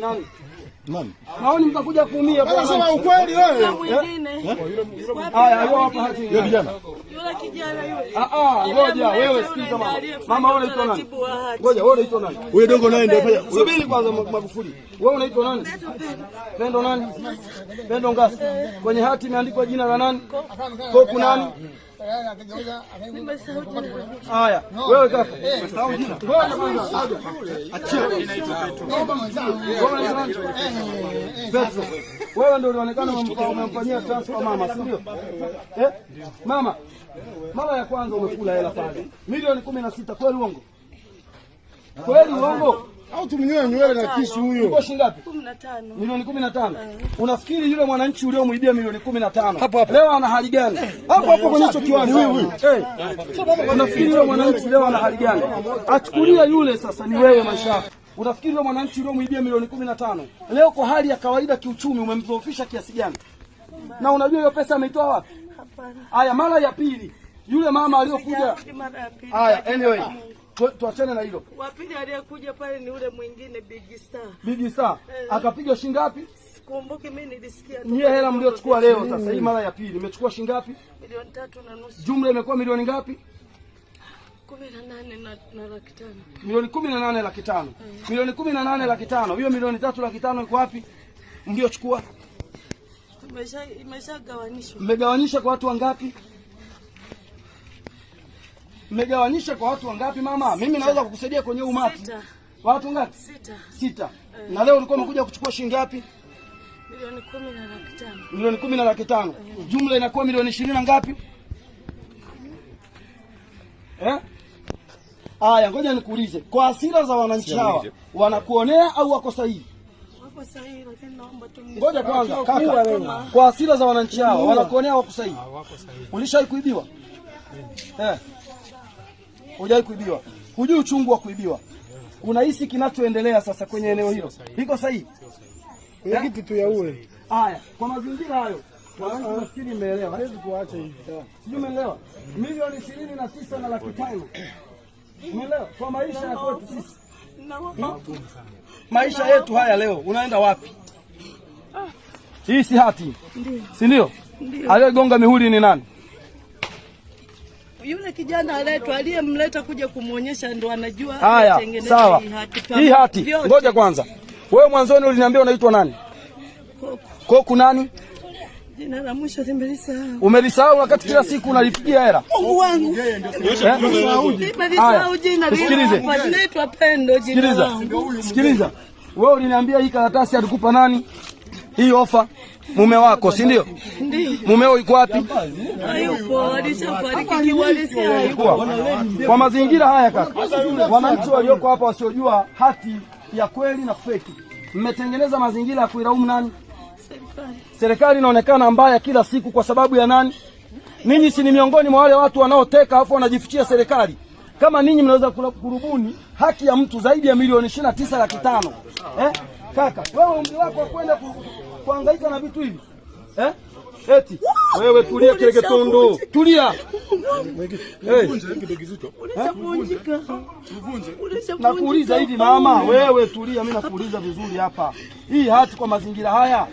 Nani? Nani? mtakuja kuumia. sema ukweli wewe. Eh? Haya, yule hapa hati. Yule kijana. Yule Ah ah, ngoja wewe sikiza mama. Mama wewe unaitwa nani? Ngoja wewe unaitwa nani? Huyo dogo naye ndio fanya. Subiri kwanza Magufuli. Wewe unaitwa nani? Pendo nani? Pendo Ngasa. Kwenye hati imeandikwa jina la nani? Koku nani? Haya, wewe kaka, wewe ndio unaonekana umemfanyia transfer mama, si ndio? Eh, mama, mara ya kwanza umekula hela pale milioni kumi na sita, kweli uongo? Kweli uongo? au tumnyoe nywele na kisu huyo. Ilikuwa shilingi ngapi? 15. Milioni 15. Eh. Unafikiri yule mwananchi uliomwibia milioni 15 hapo hapo leo ana hali gani? Eh. Hapo hapo kwenye hicho kiwanja. Eh. Unafikiri yule mwananchi leo ana hali gani? Achukulia yule sasa ni wewe maisha. Unafikiri yule mwananchi uliomwibia milioni 15 leo kwa hali ya kawaida kiuchumi umemdhoofisha kiasi gani? Na unajua hiyo pesa ameitoa wapi? Hapana. Aya, mara ya pili yule mama aliyokuja. Aya, anyway tuachane na hilo. Wa pili aliyekuja pale ni ule mwingine Big Star. Big Star eh, akapiga shingapi? Sikumbuki mimi nilisikia. tu. Nyie hela mliochukua leo sasa hii mara ya pili imechukua shingapi? Milioni tatu na nusu. Jumla imekuwa milioni ngapi? Milioni kumi na nane laki tano. Milioni kumi na nane laki tano. Hiyo milioni tatu laki tano iko wapi? Mliochukua? Imeshagawanishwa. Mmegawanyisha kwa watu wangapi? Mmegawanyisha kwa watu wangapi mama? Sita. Mimi naweza kukusaidia kwenye umati. Watu ngapi? Sita. Sita. Uh, na leo ulikuwa umekuja kuchukua shilingi ngapi? Milioni kumi na laki tano. Milioni kumi na laki tano. Uh, jumla inakuwa milioni ishirini na ngapi? Eh? Aya, ngoja nikuulize. Kwa hasira za wananchi hawa wanakuonea au wako sahihi? Ngoja kwanza kaka, kwa hasira za wananchi hawa mm. wanakuonea au wako sahihi? Ah, Ulishai kuibiwa? Mm. Eh. Hujawahi kuibiwa, hujui uchungu wa kuibiwa. Unahisi kinachoendelea sasa kwenye eneo hilo iko sahihi? Kitu tu ya ule haya, kwa mazingira hayo nafikiri mmeelewa. Hawezi kuacha hivi, sijui umeelewa. Milioni ishirini na tisa na laki tano umeelewa, kwa maisha ya kwetu sisi, maisha yetu haya leo, unaenda wapi? Hii si hati, si ndio? Aliyogonga mihuri ni nani? yule kijana aletwa, aliyemleta kuja kumwonyesha ndo anajua. Haya, sawa, hii hati ngoja kwanza. Wewe mwanzoni uliniambia unaitwa nani? Koku nani? Jina la mwisho nimelisahau. Umelisahau wakati kila siku unalipigia hela. Mungu wangu. Yeye ndio. Eh? lile. Naitwa Pendo jina Sikiliza. Wewe uliniambia hii karatasi alikupa nani? Hii ofa Mume wako si ndio? Mumeo yuko wapi? Kwa mazingira haya kaka, wananchi walioko hapa wasiojua hati ya kweli na feki, mmetengeneza mazingira ya kuilaumu nani? Serikali inaonekana mbaya kila siku. Kwa sababu ya nani? Ninyi si ni miongoni mwa wale watu wanaoteka alafu wanajifichia serikali. Kama ninyi mnaweza kurubuni haki ya mtu zaidi ya milioni ishirini na tisa laki tano eh? Kaka wewe umri wako kwenda kuhangaika na vitu hivi eh? Eti wewe tulia, kile kitundu tulia. Nakuuliza hivi mama, wewe tulia, mimi nakuuliza vizuri hapa. Hii hati kwa mazingira haya